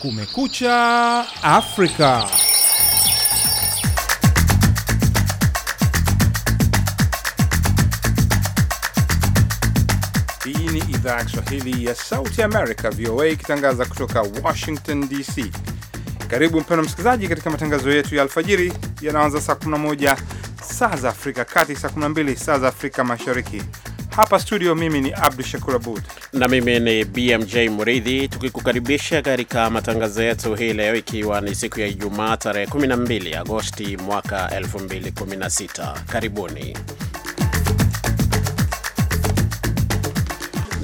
Kumekucha Afrika. Hii ni idhaa ya Kiswahili ya Sauti Amerika, VOA, ikitangaza kutoka Washington DC. Karibu mpendwa msikilizaji, katika matangazo yetu ya alfajiri yanaanza saa 11 saa za Afrika kati, saa 12 saa za Afrika Mashariki. Hapa studio, mimi ni Abdu Shakur Abud na mimi ni BMJ Muridhi tukikukaribisha katika matangazo yetu hii leo, ikiwa ni siku ya Ijumaa tarehe 12 Agosti mwaka 2016. Karibuni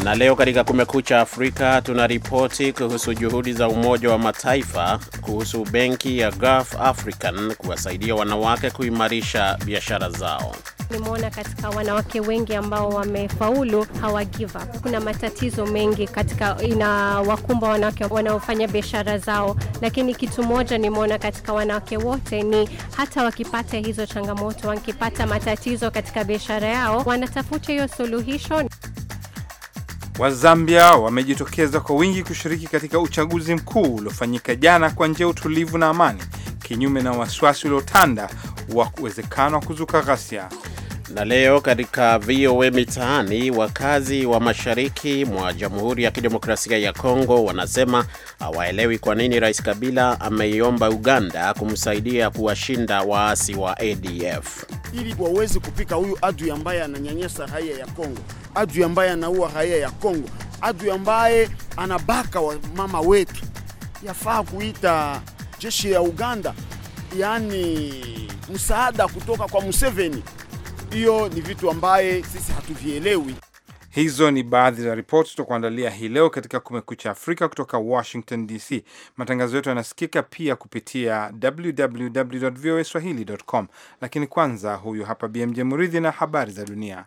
na leo katika Kumekucha Afrika tuna ripoti kuhusu juhudi za Umoja wa Mataifa kuhusu benki ya Gulf African kuwasaidia wanawake kuimarisha biashara zao nimeona katika wanawake wengi ambao wamefaulu hawa give up. Kuna matatizo mengi katika inawakumba wanawake wanaofanya biashara zao, lakini kitu moja nimeona katika wanawake wote ni hata wakipata hizo changamoto, wakipata matatizo katika biashara yao, wanatafuta hiyo suluhisho. Wazambia wamejitokeza kwa wingi kushiriki katika uchaguzi mkuu uliofanyika jana kwa njia utulivu na amani, kinyume na wasiwasi uliotanda wa uwezekano wa kuzuka ghasia. Na leo katika VOA Mitaani, wakazi wa mashariki mwa Jamhuri ya Kidemokrasia ya Kongo wanasema hawaelewi kwa nini Rais Kabila ameiomba Uganda kumsaidia kuwashinda waasi wa ADF ili waweze kupika huyu adui ambaye ananyanyasa raia ya Kongo, adui ambaye anaua raia ya Kongo, adui ambaye anabaka wa mama wetu. Yafaa kuita jeshi ya Uganda, yaani msaada kutoka kwa Museveni hiyo ni vitu ambaye sisi hatuvielewi. Hizo ni baadhi za ripoti tutakuandalia hii leo katika Kumekucha Afrika kutoka Washington DC. Matangazo yetu yanasikika pia kupitia www voa swahili com, lakini kwanza, huyu hapa BMJ Muridhi na habari za dunia.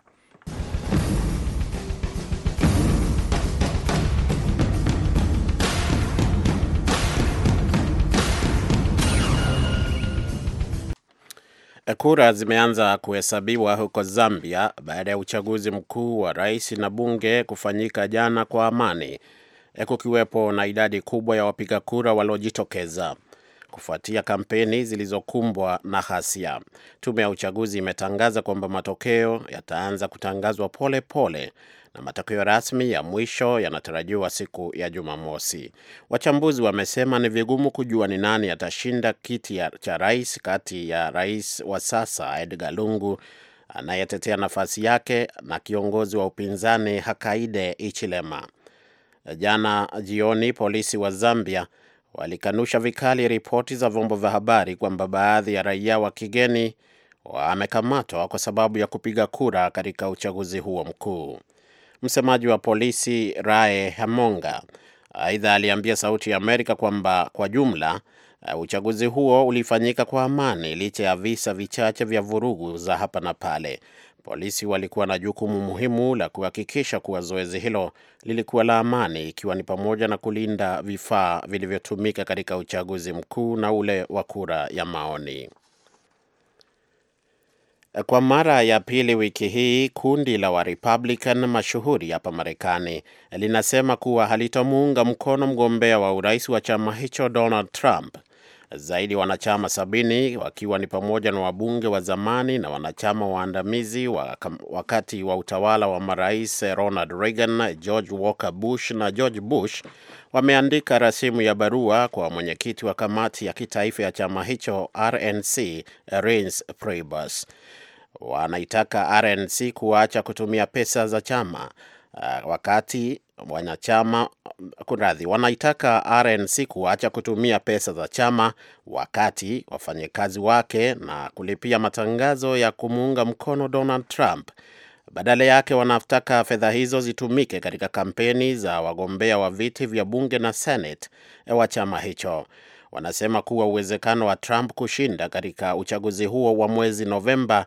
Eh, kura zimeanza kuhesabiwa huko Zambia baada ya uchaguzi mkuu wa rais na bunge kufanyika jana kwa amani, eh, kukiwepo na idadi kubwa ya wapiga kura waliojitokeza kufuatia kampeni zilizokumbwa na ghasia. Tume ya uchaguzi imetangaza kwamba matokeo yataanza kutangazwa pole pole na matokeo rasmi ya mwisho yanatarajiwa siku ya Jumamosi. Wachambuzi wamesema ni vigumu kujua ni nani atashinda kiti cha rais kati ya rais wa sasa Edgar Lungu anayetetea nafasi yake na kiongozi wa upinzani Hakainde Hichilema. Jana jioni, polisi wa Zambia walikanusha vikali ripoti za vyombo vya habari kwamba baadhi ya raia wa kigeni wamekamatwa kwa sababu ya kupiga kura katika uchaguzi huo mkuu msemaji wa polisi Rae Hamonga. Aidha, aliambia Sauti ya Amerika kwamba kwa jumla uh, uchaguzi huo ulifanyika kwa amani licha ya visa vichache vya vurugu za hapa na pale. Polisi walikuwa na jukumu muhimu la kuhakikisha kuwa zoezi hilo lilikuwa la amani, ikiwa ni pamoja na kulinda vifaa vilivyotumika katika uchaguzi mkuu na ule wa kura ya maoni. Kwa mara ya pili wiki hii kundi la Warepublican mashuhuri hapa Marekani linasema kuwa halitamuunga mkono mgombea wa urais wa chama hicho Donald Trump zaidi wanachama sabini wakiwa ni pamoja na wabunge wa zamani na wanachama waandamizi wakati wa utawala wa marais Ronald Reagan, George Walker Bush na George Bush wameandika rasimu ya barua kwa mwenyekiti wa kamati ya kitaifa ya chama hicho RNC, Reince Priebus. Wanaitaka RNC kuacha kutumia pesa za chama uh, wakati wanachama kunradhi, wanaitaka RNC kuacha kutumia pesa za chama wakati wafanyakazi wake na kulipia matangazo ya kumuunga mkono Donald Trump. Badala yake wanataka fedha hizo zitumike katika kampeni za wagombea wa viti vya bunge na senate eh, wa chama hicho. Wanasema kuwa uwezekano wa Trump kushinda katika uchaguzi huo wa mwezi Novemba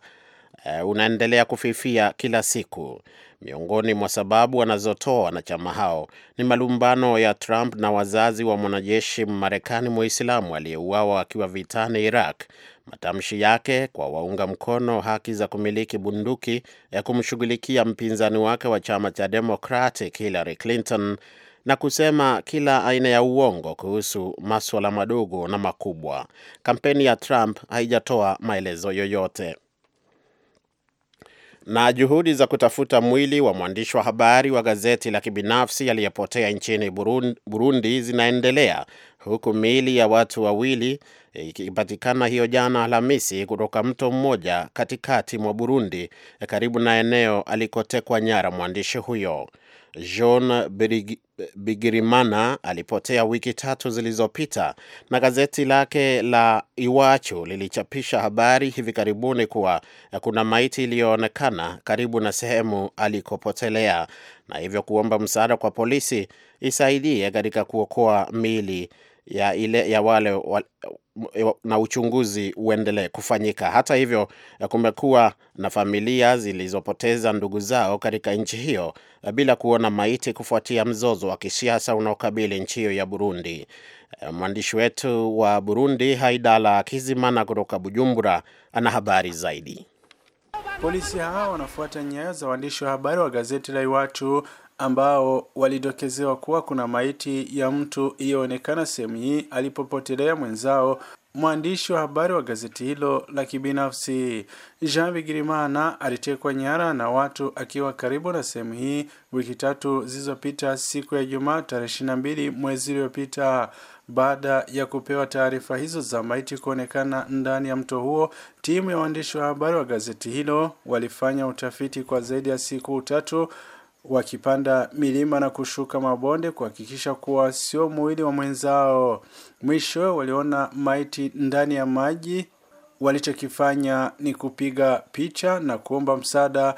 uh, unaendelea kufifia kila siku. Miongoni mwa sababu wanazotoa wanachama hao ni malumbano ya Trump na wazazi wa mwanajeshi marekani Muislamu aliyeuawa akiwa vitani Iraq, matamshi yake kwa waunga mkono haki za kumiliki bunduki ya kumshughulikia mpinzani wake wa chama cha Democratic Hillary Clinton na kusema kila aina ya uongo kuhusu maswala madogo na makubwa. Kampeni ya Trump haijatoa maelezo yoyote na juhudi za kutafuta mwili wa mwandishi wa habari wa gazeti la kibinafsi aliyepotea nchini Burundi zinaendelea huku miili ya watu wawili ikipatikana hiyo jana Alhamisi kutoka mto mmoja katikati mwa Burundi karibu na eneo alikotekwa nyara mwandishi huyo. John Bigirimana alipotea wiki tatu zilizopita, na gazeti lake la Iwachu lilichapisha habari hivi karibuni kuwa kuna maiti iliyoonekana karibu na sehemu alikopotelea, na hivyo kuomba msaada kwa polisi isaidie katika kuokoa miili ya ile ya wale wa, na uchunguzi uendelee kufanyika. Hata hivyo, eh, kumekuwa na familia zilizopoteza ndugu zao katika nchi hiyo eh, bila kuona maiti kufuatia mzozo wa kisiasa unaokabili nchi hiyo ya Burundi. Eh, mwandishi wetu wa Burundi Haidala Kizimana kutoka Bujumbura ana habari zaidi. Polisi hawa wanafuata nyayo za waandishi wa habari wa gazeti la Iwachu ambao walidokezewa kuwa kuna maiti ya mtu iliyoonekana sehemu hii alipopotelea mwenzao mwandishi wa habari wa gazeti hilo la kibinafsi Jean Bigirimana alitekwa nyara na watu akiwa karibu na sehemu hii wiki tatu zilizopita, siku ya Jumaa tarehe mbili mwezi uliopita. Baada ya kupewa taarifa hizo za maiti kuonekana ndani ya mto huo, timu ya waandishi wa habari wa gazeti hilo walifanya utafiti kwa zaidi ya siku tatu wakipanda milima na kushuka mabonde kuhakikisha kuwa sio mwili wa mwenzao. Mwisho waliona maiti ndani ya maji. Walichokifanya ni kupiga picha na kuomba msaada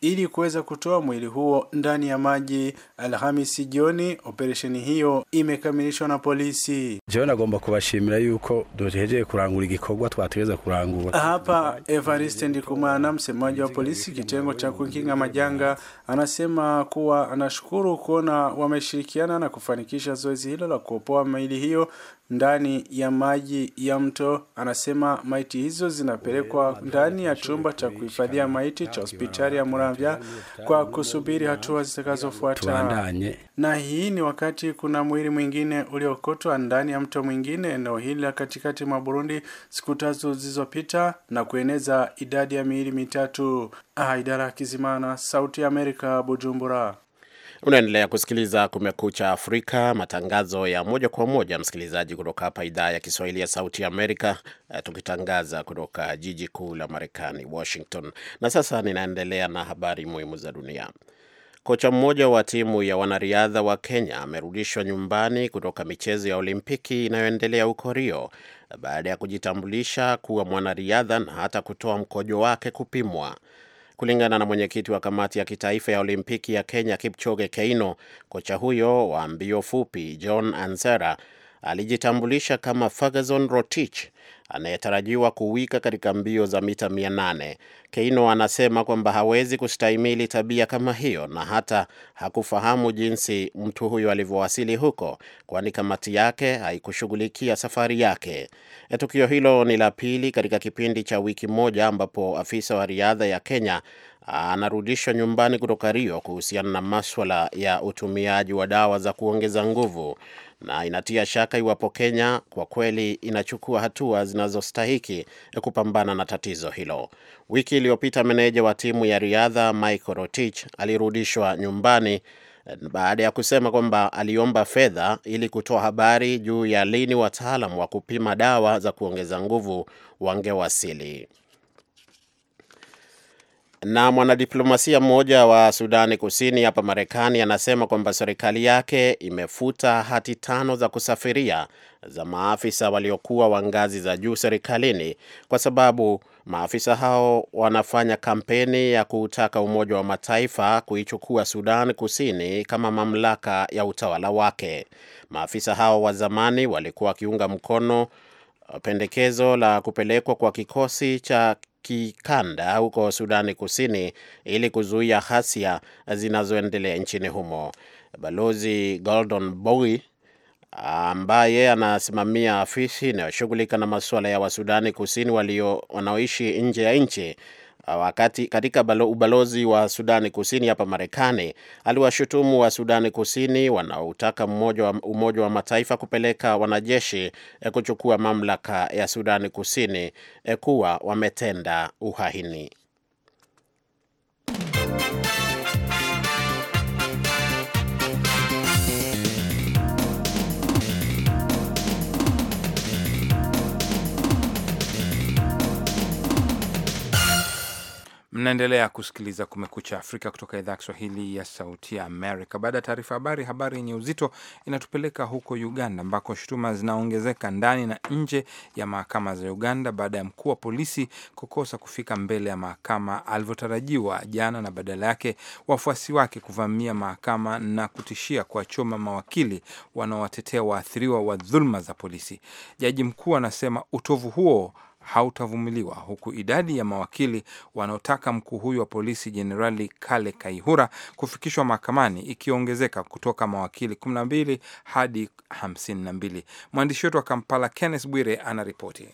ili kuweza kutoa mwili huo ndani ya maji Alhamisi jioni. Operesheni hiyo imekamilishwa na polisi. Jewe nagomba kubashimira yuko duhejeje kurangura igikorwa twateweza kurangura hapa. Evariste Ndikumana, msemaji wa polisi kitengo cha kukinga majanga, anasema kuwa anashukuru kuona wameshirikiana na kufanikisha zoezi hilo la kuopoa maili hiyo ndani ya maji ya mto. Anasema maiti hizo zinapelekwa ndani ya chumba cha kuhifadhia maiti cha hospitali ya Muramvya kwa kusubiri hatua zitakazofuata. Na hii ni wakati kuna mwili mwingine uliokotwa ndani ya mto mwingine eneo hili la katikati mwa Burundi siku tatu zilizopita na kueneza idadi ya miili mitatu. Haidara ah, Kizimana, Sauti ya Amerika, Bujumbura. Unaendelea kusikiliza Kumekucha Afrika, matangazo ya moja kwa moja, msikilizaji, kutoka hapa idhaa ya Kiswahili ya Sauti Amerika, eh, tukitangaza kutoka jiji kuu la Marekani, Washington. Na sasa ninaendelea na habari muhimu za dunia. Kocha mmoja wa timu ya wanariadha wa Kenya amerudishwa nyumbani kutoka michezo ya Olimpiki inayoendelea huko Rio baada ya kujitambulisha kuwa mwanariadha na hata kutoa mkojo wake kupimwa. Kulingana na mwenyekiti wa kamati ya kitaifa ya olimpiki ya Kenya, Kipchoge Keino, kocha huyo wa mbio fupi John Ansera alijitambulisha kama Ferguson Rotich anayetarajiwa kuwika katika mbio za mita 800. Keino anasema kwamba hawezi kustahimili tabia kama hiyo na hata hakufahamu jinsi mtu huyo alivyowasili huko, kwani kamati yake haikushughulikia safari yake. E, tukio hilo ni la pili katika kipindi cha wiki moja ambapo afisa wa riadha ya Kenya anarudishwa nyumbani kutoka Rio kuhusiana na maswala ya utumiaji wa dawa za kuongeza nguvu, na inatia shaka iwapo Kenya kwa kweli inachukua hatua zinazostahiki kupambana na tatizo hilo. Wiki iliyopita meneja wa timu ya riadha Michael Rotich alirudishwa nyumbani eh, baada ya kusema kwamba aliomba fedha ili kutoa habari juu ya lini wataalam wa kupima dawa za kuongeza nguvu wangewasili. Na mwanadiplomasia mmoja wa Sudani Kusini hapa Marekani anasema kwamba serikali yake imefuta hati tano za kusafiria za maafisa waliokuwa wa ngazi za juu serikalini kwa sababu maafisa hao wanafanya kampeni ya kutaka Umoja wa Mataifa kuichukua Sudan Kusini kama mamlaka ya utawala wake. Maafisa hao wa zamani walikuwa wakiunga mkono pendekezo la kupelekwa kwa kikosi cha kikanda huko Sudani Kusini ili kuzuia ghasia zinazoendelea nchini humo. Balozi Gordon Bowie ambaye anasimamia afisi inayoshughulika na masuala ya Wasudani Kusini walio wanaoishi nje ya nchi Ah, wakati katika balo, ubalozi wa Sudani Kusini hapa Marekani aliwashutumu wa Sudani Kusini wanaotaka Umoja wa Mataifa kupeleka wanajeshi eh, kuchukua mamlaka ya Sudani Kusini eh, kuwa wametenda uhaini. Mnaendelea kusikiliza Kumekucha Afrika kutoka idhaa ya Kiswahili ya Sauti ya Amerika. Baada ya taarifa habari, habari yenye uzito inatupeleka huko Uganda, ambako shutuma zinaongezeka ndani na nje ya mahakama za Uganda baada ya mkuu wa polisi kukosa kufika mbele ya mahakama alivyotarajiwa jana, na badala yake wafuasi wake kuvamia mahakama na kutishia kuwachoma mawakili wanaowatetea waathiriwa wa dhuluma za polisi. Jaji mkuu anasema utovu huo hautavumiliwa huku idadi ya mawakili wanaotaka mkuu huyu wa polisi Jenerali Kale Kaihura kufikishwa mahakamani ikiongezeka kutoka mawakili 12 hadi 52. Mwandishi wetu wa Kampala Kenneth Bwire anaripoti.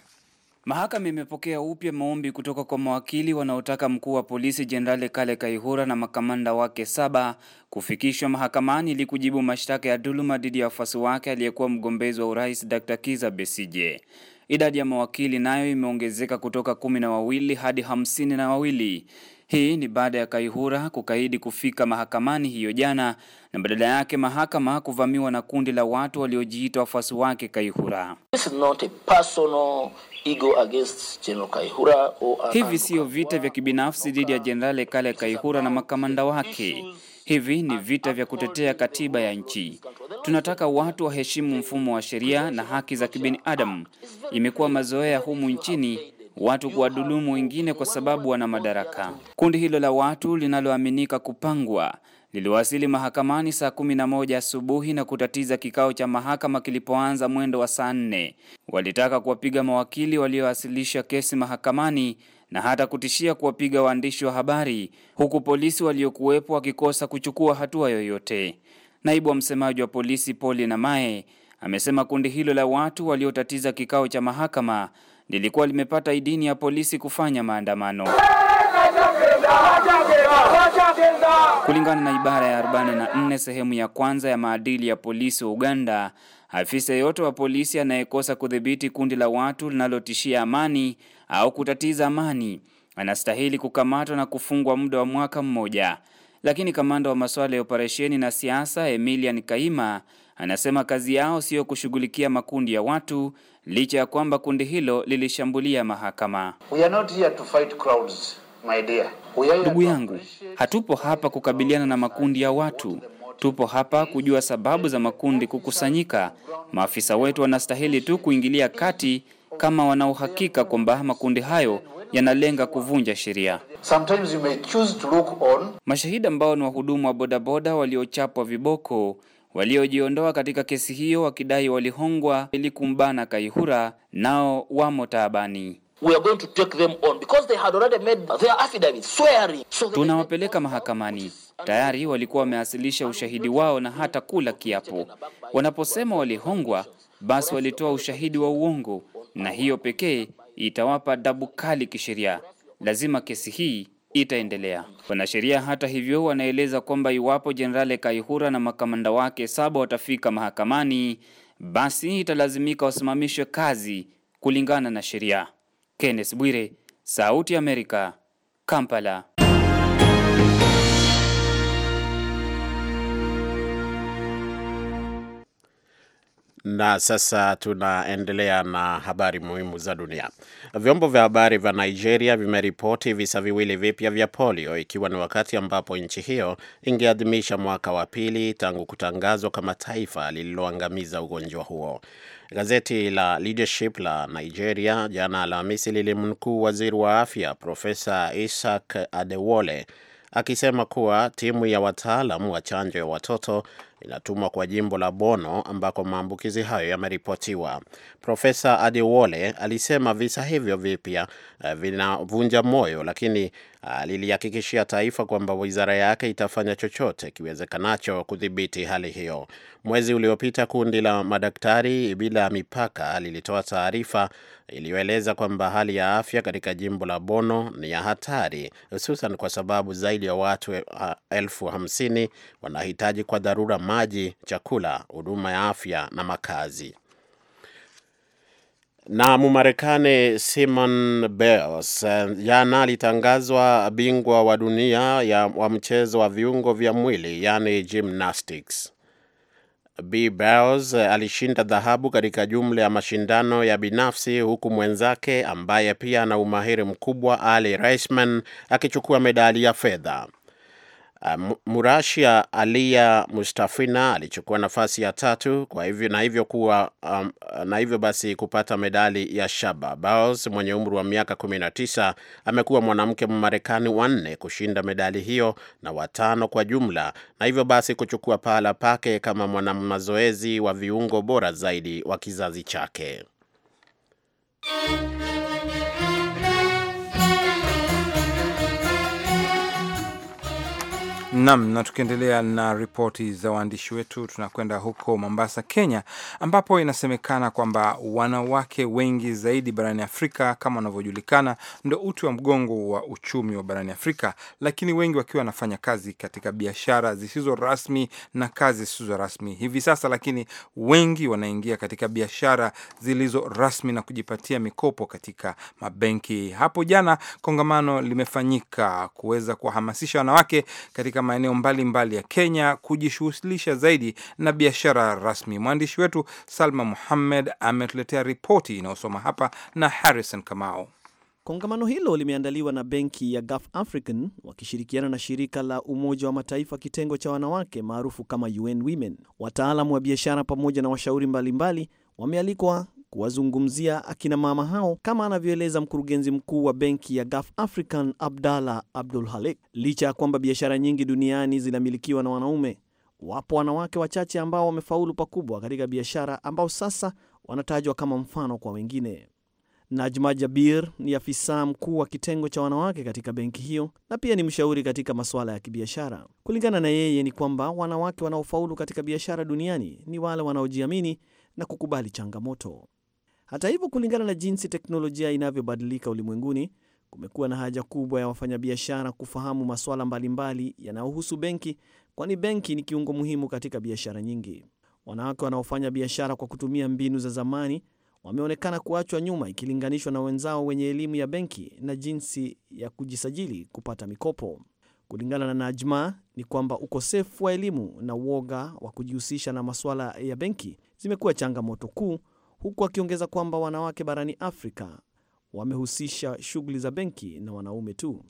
Mahakama imepokea upya maombi kutoka kwa mawakili wanaotaka mkuu wa polisi Jenerali Kale Kaihura na makamanda wake saba kufikishwa mahakamani ili kujibu mashtaka ya dhuluma dhidi ya wafuasi wake aliyekuwa mgombezi wa urais Dr. Kiza Besije. Idadi ya mawakili nayo imeongezeka kutoka kumi na wawili hadi hamsini na wawili. Hii ni baada ya Kaihura kukaidi kufika mahakamani hiyo jana na badala yake mahakama kuvamiwa na kundi la watu waliojiita wafuasi wake Kaihura. This is not a personal ego against General Kaihura or... hivi siyo vita vya kibinafsi dhidi ya Jenerali Kale Kaihura na makamanda wake. Hivi ni vita vya kutetea katiba ya nchi. Tunataka watu waheshimu mfumo wa sheria na haki za kibinadamu. Imekuwa mazoea humu nchini watu kuwadhulumu wengine kwa sababu wana madaraka. Kundi hilo la watu linaloaminika kupangwa liliwasili mahakamani saa kumi na moja asubuhi na kutatiza kikao cha mahakama kilipoanza mwendo wa saa nne. Walitaka kuwapiga mawakili waliowasilisha kesi mahakamani na hata kutishia kuwapiga waandishi wa habari, huku polisi waliokuwepo wakikosa kuchukua hatua yoyote. Naibu wa msemaji wa polisi Pauli Namae amesema kundi hilo la watu waliotatiza kikao cha mahakama lilikuwa limepata idini ya polisi kufanya maandamano. Kulingana na ibara ya 44 sehemu ya kwanza ya maadili ya polisi wa Uganda, afisa yeyote wa polisi anayekosa kudhibiti kundi la watu linalotishia amani au kutatiza amani, anastahili kukamatwa na kufungwa muda wa mwaka mmoja. Lakini kamanda wa masuala ya operesheni na siasa Emilian Kaima anasema kazi yao siyo kushughulikia makundi ya watu, licha ya kwamba kundi hilo lilishambulia mahakama. Ndugu yangu, hatupo hapa kukabiliana na makundi ya watu. Tupo hapa kujua sababu za makundi kukusanyika. Maafisa wetu wanastahili tu kuingilia kati kama wana uhakika kwamba makundi hayo yanalenga kuvunja sheria. Mashahidi ambao ni wahudumu wa bodaboda waliochapwa viboko waliojiondoa katika kesi hiyo wakidai walihongwa ili kumbana Kaihura, nao wamo taabani. tunawapeleka mahakamani. Tayari walikuwa wameasilisha ushahidi wao na hata kula kiapo. Wanaposema walihongwa, basi walitoa ushahidi wa uongo na hiyo pekee itawapa adabu kali kisheria. Lazima kesi hii itaendelea. Wanasheria hata hivyo wanaeleza kwamba iwapo Jenerali Kaihura na makamanda wake saba watafika mahakamani, basi italazimika wasimamishwe kazi kulingana na sheria. Kenneth Bwire, Sauti ya Amerika, Kampala. Na sasa tunaendelea na habari muhimu za dunia. Vyombo vya habari vya Nigeria vimeripoti visa viwili vipya vya polio, ikiwa ni wakati ambapo nchi hiyo ingeadhimisha mwaka wa pili tangu kutangazwa kama taifa lililoangamiza ugonjwa huo. Gazeti la Leadership la Nigeria jana Alhamisi lilimnukuu waziri wa afya Profesa Isaac Adewole akisema kuwa timu ya wataalam wa chanjo ya watoto inatumwa kwa jimbo la Bono ambako maambukizi hayo yameripotiwa. Profesa Adiwole alisema visa hivyo vipya eh, vinavunja moyo, lakini eh, alilihakikishia taifa kwamba wizara yake itafanya chochote kiwezekanacho kudhibiti hali hiyo. Mwezi uliopita kundi la madaktari bila mipaka lilitoa taarifa iliyoeleza kwamba hali ya afya katika jimbo la Bono ni ya hatari, hususan kwa sababu zaidi ya watu eh, elfu hamsini wanahitaji kwa dharura maji, chakula, huduma ya afya na makazi. Na Mmarekani Simon Biles jana alitangazwa bingwa wa dunia ya, wa mchezo wa viungo vya mwili yani gymnastics. B Biles alishinda dhahabu katika jumla ya mashindano ya binafsi huku mwenzake ambaye pia ana umahiri mkubwa Ali Reisman akichukua medali ya fedha. Uh, Murashia Alia Mustafina alichukua nafasi ya tatu kwa hivyo na hivyo kuwa um, na hivyo basi kupata medali ya shaba. Bowles mwenye umri wa miaka 19 amekuwa mwanamke Mmarekani wanne kushinda medali hiyo na watano kwa jumla, na hivyo basi kuchukua pahala pake kama mwanamazoezi wa viungo bora zaidi wa kizazi chake. Nam, na tukiendelea na ripoti za waandishi wetu, tunakwenda huko Mombasa, Kenya, ambapo inasemekana kwamba wanawake wengi zaidi barani Afrika kama wanavyojulikana ndo uti wa mgongo wa uchumi wa barani Afrika, lakini wengi wakiwa wanafanya kazi katika biashara zisizo rasmi na kazi zisizo rasmi hivi sasa, lakini wengi wanaingia katika biashara zilizo rasmi na kujipatia mikopo katika mabenki. Hapo jana kongamano limefanyika kuweza kuwahamasisha wanawake katika maeneo mbalimbali ya Kenya kujishughulisha zaidi na biashara rasmi. Mwandishi wetu Salma Muhammed ametuletea ripoti inayosoma hapa na Harrison Kamau. Kongamano hilo limeandaliwa na benki ya Gulf African wakishirikiana na shirika la Umoja wa Mataifa kitengo cha wanawake maarufu kama UN Women. Wataalamu wa biashara pamoja na washauri mbalimbali wamealikwa kuwazungumzia akina mama hao, kama anavyoeleza mkurugenzi mkuu wa benki ya Gulf African Abdalla Abdul Halik. Licha ya kwamba biashara nyingi duniani zinamilikiwa na wanaume, wapo wanawake wachache ambao wamefaulu pakubwa katika biashara, ambao sasa wanatajwa kama mfano kwa wengine. Najma Jabir ni afisa mkuu wa kitengo cha wanawake katika benki hiyo na pia ni mshauri katika masuala ya kibiashara. Kulingana na yeye ni kwamba wanawake wanaofaulu katika biashara duniani ni wale wanaojiamini na kukubali changamoto. Hata hivyo, kulingana na jinsi teknolojia inavyobadilika ulimwenguni, kumekuwa na haja kubwa ya wafanyabiashara kufahamu masuala mbalimbali yanayohusu benki, kwani benki ni kiungo muhimu katika biashara nyingi. Wanawake wanaofanya biashara kwa kutumia mbinu za zamani wameonekana kuachwa nyuma ikilinganishwa na wenzao wenye elimu ya benki na jinsi ya kujisajili kupata mikopo. Kulingana na Najma ni kwamba ukosefu wa elimu na uoga wa kujihusisha na masuala ya benki zimekuwa changamoto kuu huku akiongeza kwamba wanawake barani Afrika wamehusisha shughuli za benki na wanaume tu.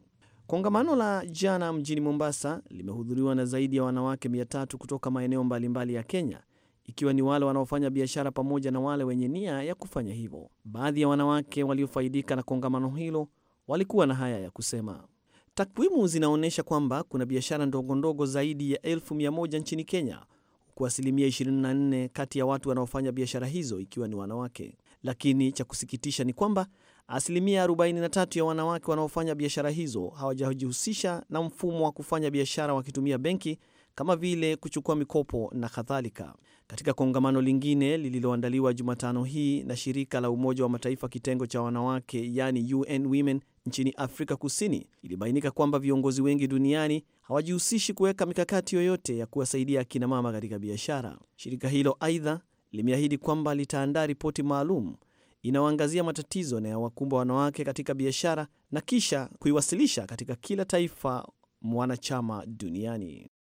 Kongamano la jana mjini Mombasa limehudhuriwa na zaidi ya wanawake mia tatu kutoka maeneo mbalimbali ya Kenya, ikiwa ni wale wanaofanya biashara pamoja na wale wenye nia ya kufanya hivyo. Baadhi ya wanawake waliofaidika na kongamano hilo walikuwa na haya ya kusema. Takwimu zinaonyesha kwamba kuna biashara ndogondogo zaidi ya elfu mia moja nchini Kenya, kwa asilimia 24 kati ya watu wanaofanya biashara hizo ikiwa ni wanawake. Lakini cha kusikitisha ni kwamba asilimia 43 ya wanawake wanaofanya biashara hizo hawajajihusisha na mfumo wa kufanya biashara wakitumia benki kama vile kuchukua mikopo na kadhalika katika kongamano lingine lililoandaliwa Jumatano hii na shirika la Umoja wa Mataifa kitengo cha wanawake, yani UN Women nchini Afrika Kusini, ilibainika kwamba viongozi wengi duniani hawajihusishi kuweka mikakati yoyote ya kuwasaidia akinamama katika biashara. Shirika hilo aidha limeahidi kwamba litaandaa ripoti maalum inayoangazia matatizo yanayowakumba wanawake katika biashara na kisha kuiwasilisha katika kila taifa mwanachama duniani.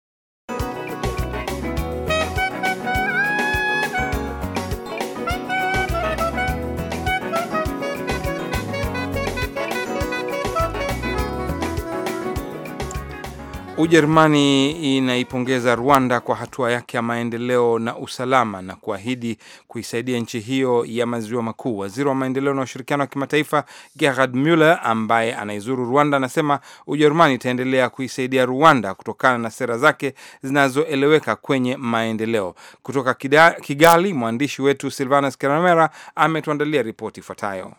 Ujerumani inaipongeza Rwanda kwa hatua yake ya maendeleo na usalama na kuahidi kuisaidia nchi hiyo ya maziwa makuu. Waziri wa maendeleo na ushirikiano wa kimataifa Gerhard Muller, ambaye anaizuru Rwanda, anasema Ujerumani itaendelea kuisaidia Rwanda kutokana na sera zake zinazoeleweka kwenye maendeleo. Kutoka Kigali, mwandishi wetu Silvanus Karamera ametuandalia ripoti ifuatayo.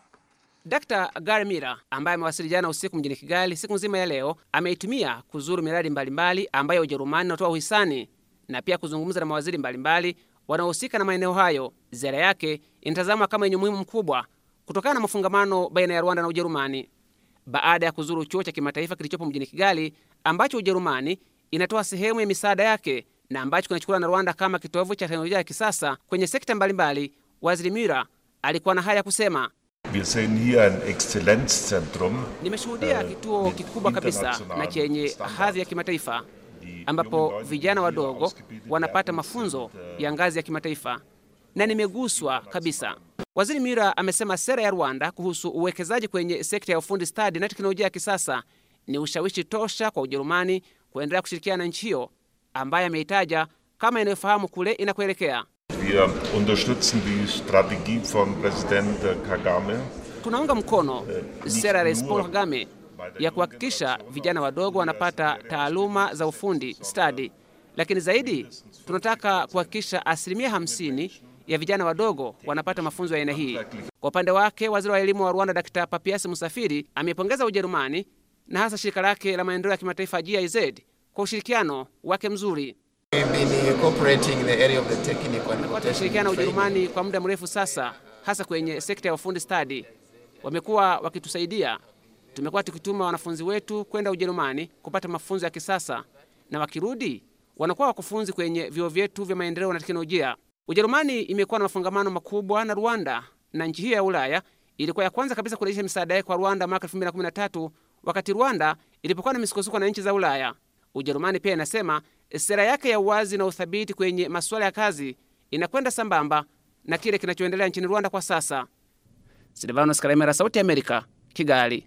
Dr. Garmira ambaye amewasili jana usiku mjini Kigali, siku nzima ya leo ameitumia kuzuru miradi mbalimbali ambayo Ujerumani inatoa uhisani na pia kuzungumza na mawaziri mbalimbali wanaohusika na maeneo hayo. Ziara yake inatazamwa kama yenye umuhimu mkubwa kutokana na mafungamano baina ya Rwanda na Ujerumani. Baada ya kuzuru chuo cha kimataifa kilichopo mjini Kigali ambacho Ujerumani inatoa sehemu ya misaada yake na ambacho kinachukuliwa na Rwanda kama kitovu cha teknolojia ya kisasa kwenye sekta mbalimbali, Waziri Mira alikuwa na haya ya kusema. Wir sehen hier ein Exzellenzzentrum. Nimeshuhudia äh, kituo kikubwa kabisa na chenye hadhi ya kimataifa ambapo vijana wadogo wanapata mafunzo äh, ya ngazi ya kimataifa na nimeguswa kabisa. Waziri Mira amesema sera ya Rwanda kuhusu uwekezaji kwenye sekta ya ufundi stadi na teknolojia ya kisasa ni ushawishi tosha kwa Ujerumani kuendelea kushirikiana na nchi hiyo ambayo ameitaja kama inayofahamu kule inakoelekea. Wir unterstützen die Strategie von Präsident Kagame. Tunaunga mkono äh, sera ya Rais Paul Kagame ya kuhakikisha vijana wadogo wanapata taaluma za ufundi stadi, lakini zaidi tunataka kuhakikisha asilimia hamsini ya vijana wadogo wanapata mafunzo ya aina hii. Kwa upande wake, waziri wa elimu wa Rwanda Dr. Papias Musafiri amepongeza Ujerumani na hasa shirika lake la maendeleo ya kimataifa GIZ kwa ushirikiano wake mzuri. Tumekuwa Ujerumani kwa muda mrefu sasa, hasa kwenye sekta ya ufundi stadi. Wamekuwa wakitusaidia. Tumekuwa tukituma wanafunzi wetu kwenda Ujerumani kupata mafunzo ya kisasa, na wakirudi wanakuwa wakufunzi kwenye vyuo vyetu vya maendeleo na teknolojia. Ujerumani imekuwa na mafungamano makubwa na Rwanda, na nchi hiyo ya Ulaya ilikuwa ya kwanza kabisa kurejesha misaada yake kwa Rwanda mwaka 2013 wakati Rwanda ilipokuwa na misukosuko na nchi za Ulaya. Ujerumani pia inasema sera yake ya uwazi na uthabiti kwenye masuala ya kazi inakwenda sambamba na kile kinachoendelea nchini Rwanda kwa sasa. Silvanos Karemera, Sauti ya Amerika, Kigali.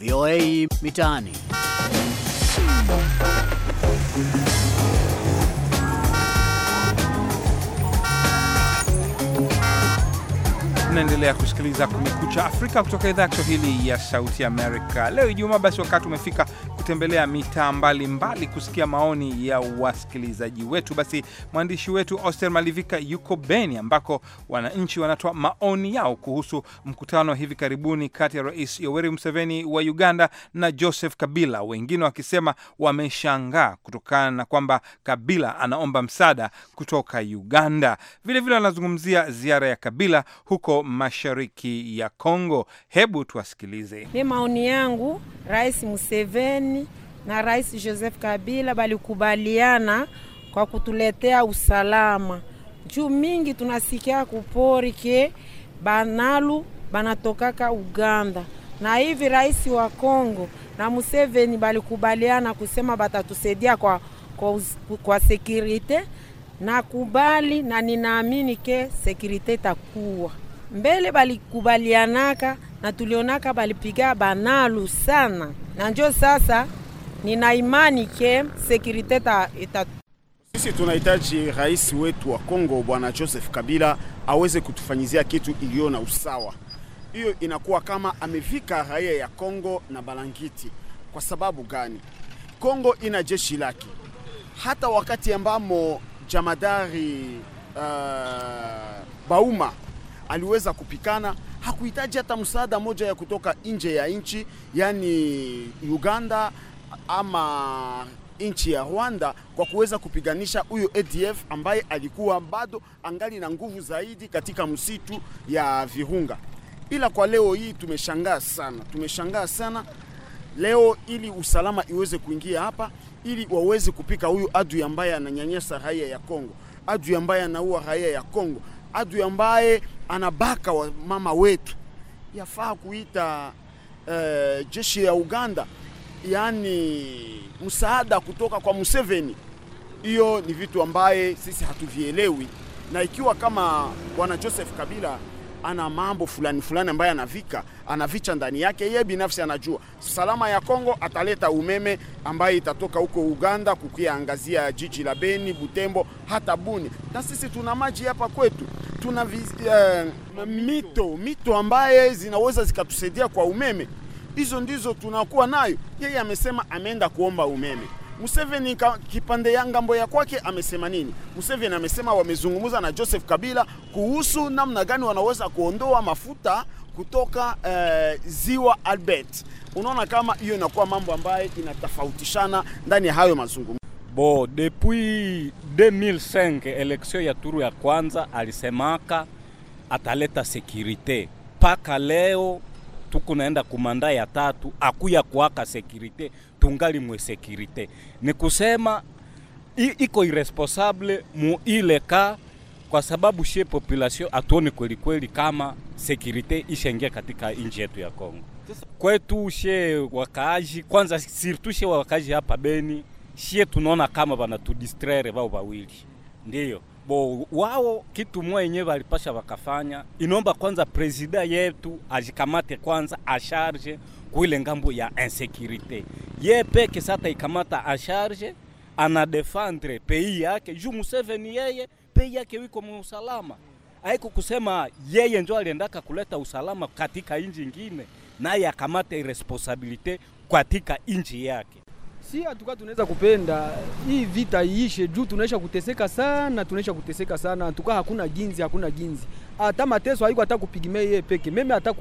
VOA Mitaani. Tunaendelea kusikiliza Kumekucha Afrika kutoka idhaa ya Kiswahili ya Sauti Amerika. Leo Ijumaa, basi wakati umefika kutembelea mitaa mbalimbali kusikia maoni ya wasikilizaji wetu. Basi mwandishi wetu Oster Malivika yuko Beni, ambako wananchi wanatoa maoni yao kuhusu mkutano hivi karibuni kati ya Rais Yoweri Museveni wa Uganda na Joseph Kabila, wengine wakisema wameshangaa kutokana na kwamba Kabila anaomba msaada kutoka Uganda. Vilevile wanazungumzia vile ziara ya Kabila huko mashariki ya Kongo. Hebu tuwasikilize. Ni maoni yangu, Rais Museveni Museveni na Rais Joseph Kabila balikubaliana kwa kutuletea usalama juu mingi tunasikia kupori ke banalu banatokaka Uganda na hivi rais wa Kongo na Museveni balikubaliana kusema batatusaidia kwa, kwa, kwa sekirite na kubali, na ninaamini ke sekirite takuwa mbele. Balikubalianaka na tulionaka balipiga banalu sana na njo sasa nina imani ke sekurite ita. Sisi tunahitaji rais wetu wa Kongo bwana Joseph Kabila aweze kutufanyizia kitu iliyo na usawa. Hiyo inakuwa kama amevika raia ya Kongo na balangiti. Kwa sababu gani? Kongo ina jeshi lake, hata wakati ambamo jamadari uh, Bauma aliweza kupikana, hakuhitaji hata msaada moja ya kutoka nje ya nchi, yani Uganda ama nchi ya Rwanda kwa kuweza kupiganisha huyo ADF ambaye alikuwa bado angali na nguvu zaidi katika msitu ya Virunga. Ila kwa leo hii tumeshangaa sana, tumeshangaa sana leo, ili usalama iweze kuingia hapa, ili waweze kupika huyu adui ambaye ananyanyasa raia ya Kongo, adui ambaye anaua raia ya Kongo, adui ambaye anabaka wa mama wetu, yafaa kuita uh, jeshi ya Uganda, yaani msaada kutoka kwa Museveni. Hiyo ni vitu ambaye sisi hatuvielewi, na ikiwa kama bwana Joseph Kabila ana mambo fulani fulani ambayo anavika anavicha ndani yake, yeye binafsi anajua. Salama ya Kongo ataleta umeme ambayo itatoka huko Uganda kukiangazia jiji la Beni, Butembo, hata Buni, na sisi tuna maji hapa kwetu tuna viz, uh, eh, mito mito ambaye zinaweza zikatusaidia kwa umeme. Hizo ndizo tunakuwa nayo. Yeye amesema ameenda kuomba umeme. Museveni kipande ya ngambo ya kwake amesema nini? Museveni amesema wamezungumza na Joseph Kabila kuhusu namna gani wanaweza kuondoa mafuta kutoka eh, ziwa Albert. Unaona kama hiyo inakuwa mambo ambayo inatofautishana ndani ya hayo mazungumzo. Bo, depuis 2005 election ya turu ya kwanza alisemaka ataleta securite, mpaka leo tuko naenda kumanda ya tatu akuya kuaka sekirite, tungali mwe sekirite. Ni kusema iko irresponsable mu ile ka kwa sababu shie population atuone kweli kweli kama sekirite ishaingia katika nchi yetu ya Kongo. Kwetu shie wakaaji kwanza, surtout shie wakaaji hapa Beni, shie tunaona kama wanatudistraire vao wawili ndio bo wao kitu mwa yenye walipasha wakafanya, inomba kwanza presida yetu ajikamate kwanza asharge kuile ngambo ya insekurite, ye peke sata ikamata asharge ana pei yake juu Museveni yeye pei yake wiko muusalama, aiko kusema yeye njo aliendaka kuleta usalama katika inji ingine, naye akamate iresponsabilite katika inji yake si hatuka tunaweza kupenda hii vita iishe, juu tunaisha kuteseka sana, tunaisha kuteseka sana tuka, hakuna jinsi, hakuna jinsi. Hata mateso haiko hata kupigimea yeye peke meme, hata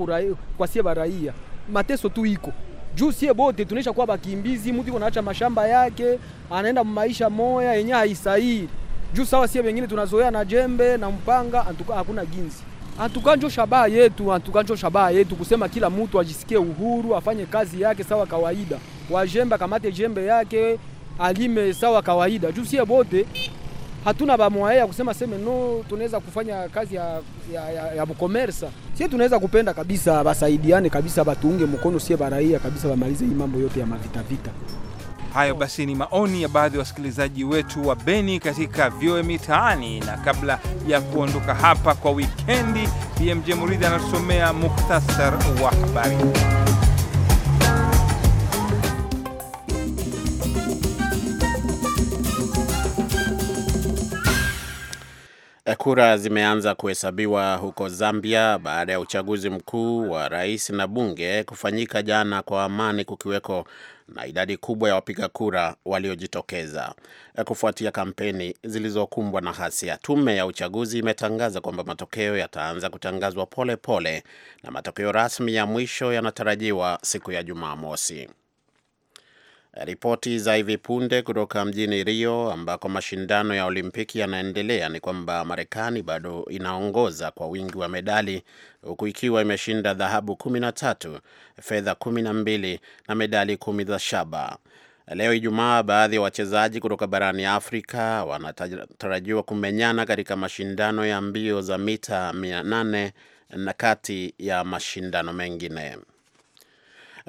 kwa sie baraia mateso tu iko juu sie bote tunaisha kuwa bakimbizi. Mtu iko naacha mashamba yake anaenda maisha moya yenye haisahii juu sawa, sie wengine tunazoea na jembe na mpanga, hakuna jinsi hatukanjo shabaha yetu, njo shabaha yetu kusema kila mtu ajisikie uhuru afanye kazi yake sawa kawaida, wajembe kamate jembe yake alime sawa kawaida, juu sie bote hatuna bamwae ya kusema seme no, tunaweza kufanya kazi ya, ya, ya, ya bukomersa. Sie tunaweza kupenda kabisa basaidiane kabisa, batunge mkono sie baraia kabisa, bamalize hii mambo yote ya mavitavita vita. Hayo basi ni maoni ya baadhi ya wasikilizaji wetu wa Beni katika vyoe mitaani, na kabla ya kuondoka hapa kwa wikendi, BMJ Muridhi anatusomea muktasar wa habari. Eh, kura zimeanza kuhesabiwa huko Zambia baada ya uchaguzi mkuu wa rais na bunge kufanyika jana kwa amani, kukiweko na idadi kubwa ya wapiga kura waliojitokeza eh, kufuatia kampeni zilizokumbwa na hasia Tume ya uchaguzi imetangaza kwamba matokeo yataanza kutangazwa pole pole na matokeo rasmi ya mwisho yanatarajiwa siku ya Jumamosi. Ripoti za hivi punde kutoka mjini Rio ambako mashindano ya Olimpiki yanaendelea ni kwamba Marekani bado inaongoza kwa wingi wa medali huku ikiwa imeshinda dhahabu 13, fedha 12 na medali kumi za shaba. Leo Ijumaa, baadhi ya wachezaji kutoka barani Afrika wanatarajiwa kumenyana katika mashindano ya mbio za mita 800 na kati ya mashindano mengine.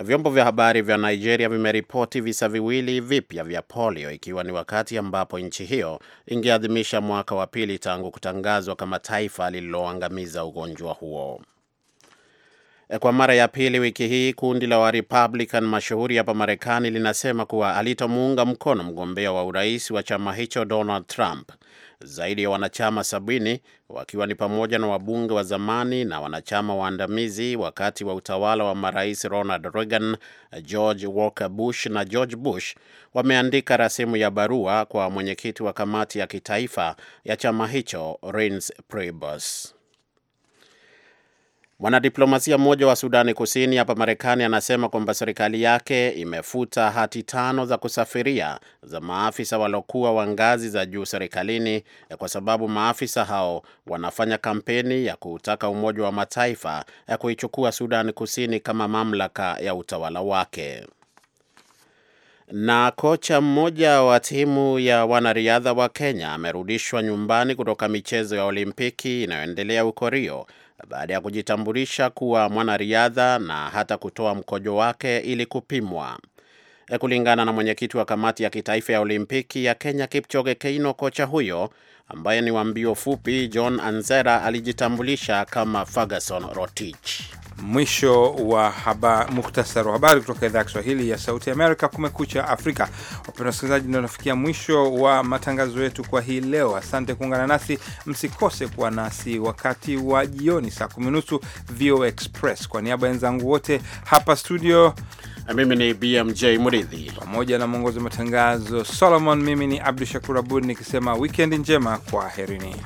Vyombo vya habari vya Nigeria vimeripoti visa viwili vipya vya polio, ikiwa ni wakati ambapo nchi hiyo ingeadhimisha mwaka wa pili tangu kutangazwa kama taifa lililoangamiza ugonjwa huo. E, kwa mara ya pili wiki hii kundi la Warepublican mashuhuri hapa Marekani linasema kuwa alitomuunga mkono mgombea wa urais wa chama hicho Donald Trump zaidi ya wanachama sabini wakiwa ni pamoja na wabunge wa zamani na wanachama waandamizi wakati wa utawala wa marais Ronald Reagan, George Walker Bush na George Bush wameandika rasimu ya barua kwa mwenyekiti wa kamati ya kitaifa ya chama hicho Reince Priebus. Mwanadiplomasia mmoja wa Sudani Kusini hapa Marekani anasema kwamba serikali yake imefuta hati tano za kusafiria za maafisa waliokuwa wa ngazi za juu serikalini eh, kwa sababu maafisa hao wanafanya kampeni ya kutaka Umoja wa Mataifa ya eh, kuichukua Sudani Kusini kama mamlaka ya utawala wake. Na kocha mmoja wa timu ya wanariadha wa Kenya amerudishwa nyumbani kutoka michezo ya Olimpiki inayoendelea huko Rio baada ya kujitambulisha kuwa mwanariadha na hata kutoa mkojo wake ili kupimwa. E, kulingana na mwenyekiti wa kamati ya kitaifa ya Olimpiki ya Kenya, Kipchoge Keino, kocha huyo ambaye ni wa mbio fupi John Anzera alijitambulisha kama Ferguson Rotich. Mwisho wa haba, muktasari wa habari kutoka idhaa ya Kiswahili ya Sauti Amerika, Kumekucha Afrika. Wapenda wasikilizaji, ndio nafikia mwisho wa matangazo yetu kwa hii leo. Asante kuungana nasi, msikose kuwa nasi wakati wa jioni saa kumi nusu VO Express. Kwa niaba ya wenzangu wote hapa studio, mimi ni BMJ mridhi pamoja na mwongozi wa matangazo Solomon, mimi ni Abdu Shakur Abud nikisema wikendi njema, kwa herini